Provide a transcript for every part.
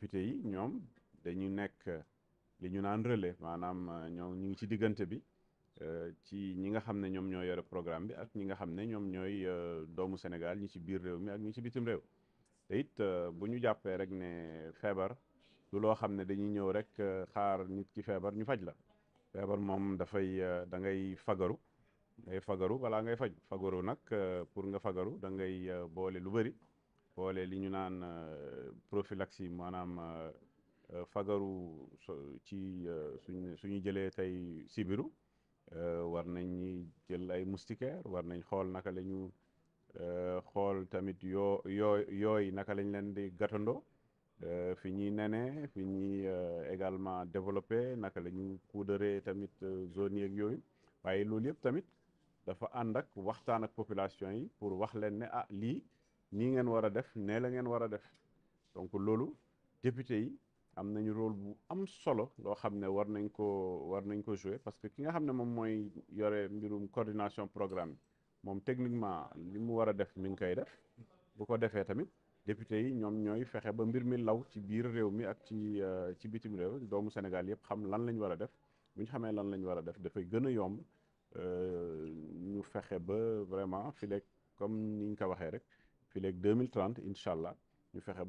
député yi ñoom dañu nekk li ñu naan relais maanaam euh, ñoom ñu ngi ci diggante bi euh, ci ñi nga xam ne ñoom ñoo yore programme bi ak ñi nga xam ne ñoom ñooy euh, doomu Sénégal ñi ci biir réew mi ak ñi ci bitim réew te it bu ñu jàppee rek ne feebar lu loo xam ne dañuy ñëw rek xaar nit ki feebar ñu faj la feebar moom dafay da ngay fagaru ngay fagaru balaa ngay faj fagaru nag pour nga fagaru da ngay boole lu bëri boole li ñu naan euh, prophylaxie maanaam euh, euh, fagaru ci suñ suñu jëlee tey sibiru war nañ ñi jël ay moustiquaire war nañ xool naka la ñu xool tamit yoo yoo yooy naka lañ leen di gàttandoo fi ñuy nenee fi ñuy également développé naka la ñu puudaree tamit zone yeeg yooyu waaye loolu yëpp tamit dafa ànd ak waxtaan ak population yi pour wax leen ne ah lii nii ngeen war a def nee la ngeen war a def donc loolu député yi am nañu rôle bu am solo loo xam ne war nañ ko war nañ ko jouer parce que ki nga xam ne moom mooy yore mbirum coordination programme bi moom techniquement li mu war a def mi ngi koy def bu ko defee tamit député yi ñoom ñooy fexe ba mbir mi law ci biir réew mi ak ci euh, ci bitim réew doomu Sénégal yëpp xam lan la ñu war a def bu ñu xamee lan la ñu war a def dafay gën a yomb euh, ñu fexe ba vraiment fi comme ni ñu ko waxee rek 2030 Inch'Allah. nous ferons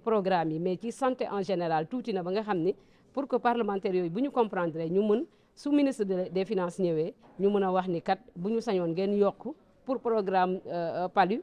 programme mais santé en général tout est pour que parlementaires comprennent que comprendre sous ministre des finances nous ñu programme euh, euh, PALU.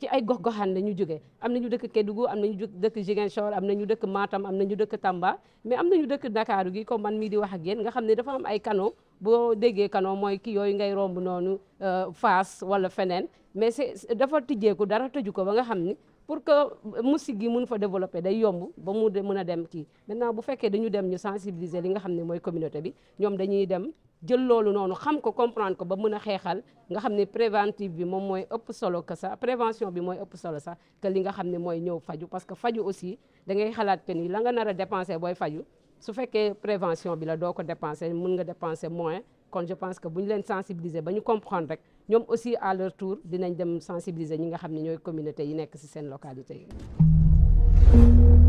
ci ay gox-goxaan la ñu jógee am nañu dëkk Kédougou am nañu dëkk Ziguinchor am nañu dëkk Matam am nañu dëkk Tamba mais am nañu dëkk Ndakaaru gi comme man mii di wax ak yéen nga xam ne dafa am ay boo déggee canaux mooy ki yooyu ngay romb noonu euh, Fass wala feneen mais c'est dafa tijjeeku dara tëju ko ba nga xam ni pour que musique gi mun fa développer day yomb ba mu mën a dem kii maintenant bu fekkee dañu dem ñu sensibiliser li nga xam ne mooy communauté bi ñoom dañuy dem jël loolu noonu xam ko comprendre ko ba mën a xeexal nga xam ne préventive bi moom mooy ëpp solo que sax prévention bi mooy ëpp solo sax que li nga xam ne mooy ñëw faju parce que faju aussi da ngay xalaat que ni la nga nar a dépenser booy faju su fekkee prévention bi la doo ko dépenser mën nga dépenser moins kon je pense que bu ñu leen sensibiliser ba ñu comprendre rek ñoom aussi à leur tour dinañ dem sensibiliser ñi nga xam ne ñooy communauté yi nekk ci seen localité yi